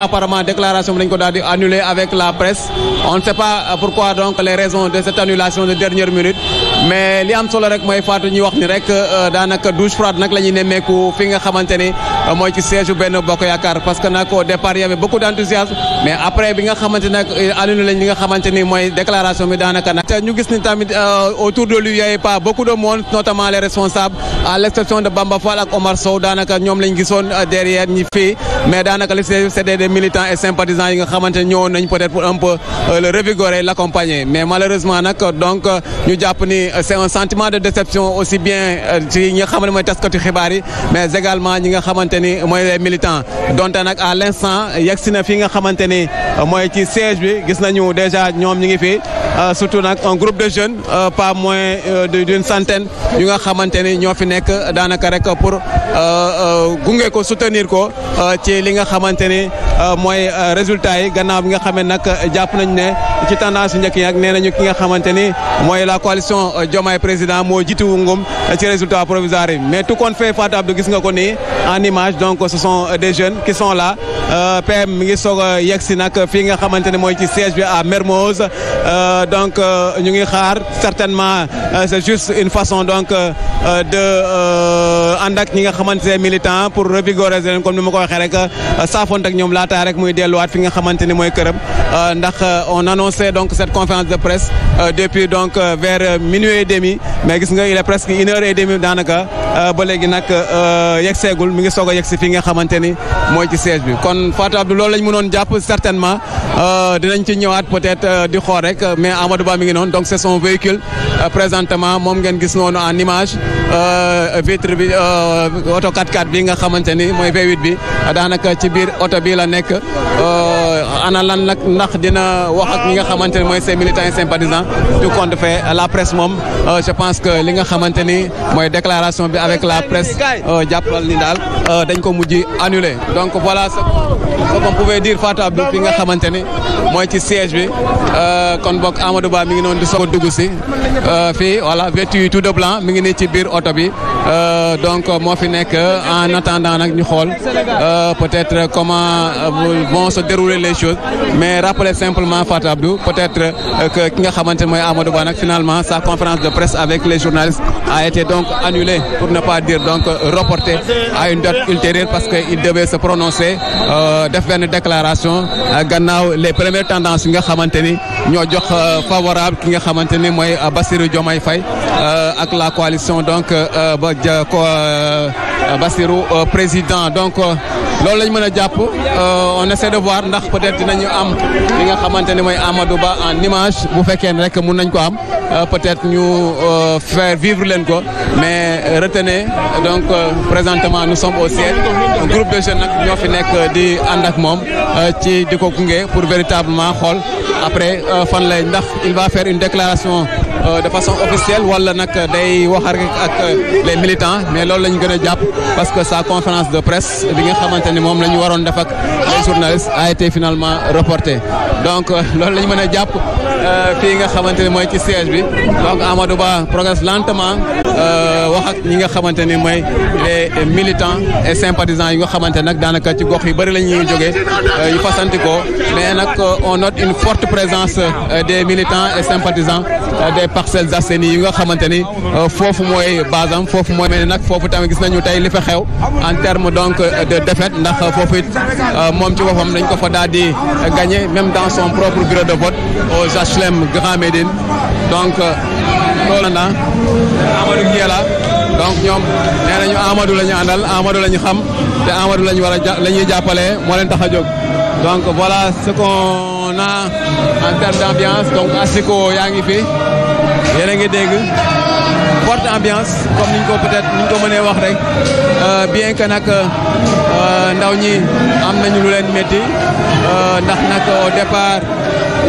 apparemment déclaration bi dañ ko daal di annulé avec la presse on ne sait pas euh, pourquoi donc les raisons de cette annulation de dernière minute mais li solo rek mooy faatu ñuy wax ni rek euh, daanaka douche froide nag la ñuy nemmeeku fi nga xamante ni euh, mooy ci siège benn bokk yaakaar parce que nag au départ y avait beaucoup d'enthousiasme mais après bi nga xamante nag annulé nga xamante ni mooy déclaration bi daanaka nag ñu gis ni tamit autour de lui y avait pas beaucoup de monde notamment des militants et yi nga xamante ne ñëwoon nañ peut-être pour un peu euh, le revigorer l'accompagner mais malheureusement nag donc ñu jàpp ni euh, c'est un sentiment de déception aussi bien euh, ci ñi nga xam ne mooy taskatu xibaar yi mais également ñi nga xamante ni mooy les militants donte nag à l'instant yegg si na fi nga xamante ni mooy ci siège bi gis nañu déjà ñoom ñi ngi fi surtout nag un groupe de jeunes pas moins d'une centaine yu nga xamante ni ñoo fi nekk daanaka rek pour gunge ko soutenir ko ci li nga xamante ni Euh, mooy euh, résultat yi gannaaw bi nga xam ne nag jàpp nañ ne ci tendance yu njëkk yi nga xamante ni mooy la coalition euh, Diomaye président moo jiitu ngum euh, ci résultat provisoire yi mais tout compte fait Fatou Abdou gis nga ko nii en image donc ce sont euh, des jeunes ki son la PM mi ngi soog a yegg si nag fii nga xamante ne mooy ci siège bi à Mermoz donc ñu ngi xaar certainement c'est juste une façon donc de ànd ak ñi nga xamante ne militant pour revigorer leen comme ni ma ko waxee rek saafoon ak ñoom laataa rek muy delluwaat fi nga xamante ni mooy këram on sait donc cette conférence de presse euh, depuis donc euh, vers euh, minuit et demi mais gis nga il est presque une heure et demie daanaka ba léegi nag mi ngi soog a yegsi fii nga xamante ni mooy ci siège bi kon Fatou Abdou loolu lañ mënoon jàpp certainement dinañ ci ñëwaat peut-être di xool rek mais Amadou Ba mi ngi noonu donc c'est son véhicule présentement moom ngeen gis noonu en image vitre bi auto 4x4 bi nga xamante ni mooy V8 bi daanaka ci biir ana lan nag ndax dina wax ak ñi nga xamante ne mooy ses militants et sympathisants du compte fait la presse moom euh, je pense que li nga xamante ni mooy déclaration bi avec la presse euh, jàppal ni daal euh, dañ ko mujj annulé donc voilà ce qu'on pouvait dire Fatou Abdou fi nga xamante ni mooy ci siège bi kon bokk Amadou Ba mi ngi noonu di soog a dugg si fii voilà vêtu tout de blanc mi ngi nii ci biir oto bi donc moo fi nekk en attendant nag ñu xool peut-être comment vont se dérouler les choses mais rappeler simplement Fatou peut-être euh, ki nga xamante ne mooy Amadou Ba nag finalement sa conférence de presse avec les journalistes a été donc annulée pour ne pas dire donc euh, reportée à une date ultérieure parce que il devait se prononcer euh, def benn déclaration gannaaw les premières tendances yi nga xamante ni ñoo jox favorable ki nga xamante ni mooy Bassirou Diomaye fay ak la coalition donc ba Bassirou président donc loolu lañ a jàpp on essaie de voir ndax dinañu am li nga xamante ne mooy Amadou Ba en image bu fekkee ne rek mun nañ ko am euh, peut-être ñu euh, faire vivre leen ko mais euh, retenez donc présentement nous sommes au siège groupe de jeunes nag ñoo fi nekk di ànd ak moom ci di ko gunge pour véritablement xool après fan lay ndax il va faire une déclaration. Euh, de façon officielle wala nag euh, day wax rek ak euh, les militants mais loolu lañu ñu gën a jàpp parce que sa conférence de presse bi nga xamante ni moom la ñu waroon def ak les journalistes a été finalement reportée donc loolu la ñu mën a jàpp fii nga xamante ni mooy ci siège bi donc Amadou Ba progresse lentement wax ak ñi nga xamante ni mooy les militants et sympathisants yi nga xamante nag daanaka ci gox yi bëri la ñuy jógee yu fasantikoo mais on note une forte présence des militants et mooy Parcelles Assainies yi nga xamante ni euh, foofu mooy base am foofu mooy mel nag foofu tamit gis nañu tey li fa xew en terme donc euh, de défaite ndax euh, foofu it moom ci boppam dañ ko fa daal di gagné même dans son propre bureau de vote au HLM Grand Médine donc loolu na Amadou donc ñoom nee nañu Amadou la ñu àndal la ñu xam te Amadou la ñu war a la ñuy jàppale moo leen tax a jóg donc voilà ce qu'on en termes d'ambiance donc Asiko yaa yéen a ngi dégg forte ambiance comme niñ ko peut-être niñ ko mënee wax rek euh, bien que nag euh, ndaw ñi am nañu lu leen métti euh, ndax nag au départ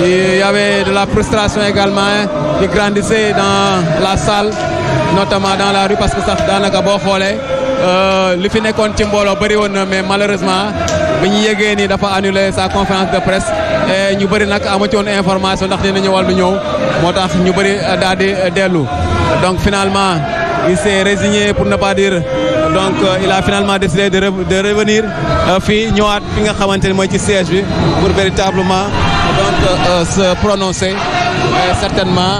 il de la frustration également qui grandissait dans la salle notamment dans la rue parce que sax daanaka boo xoolee. Euh, li fi nekkoon ci mbooloo bëri woon na mais malheureusement bi ñu yëgee ni dafa annulé sa conférence de presse et eh, ñu bari nag amatoon information ndax dina ñëwal du ñëw moo tax ñu bëri daal di dellu donc finalement il s'est résigné pour ne pas dire donc euh, il a finalement décidé de de revenir euh, fii ñëwaat fi nga xamante ni mooy ci siège bi pour véritablement donc se prononcer certainement.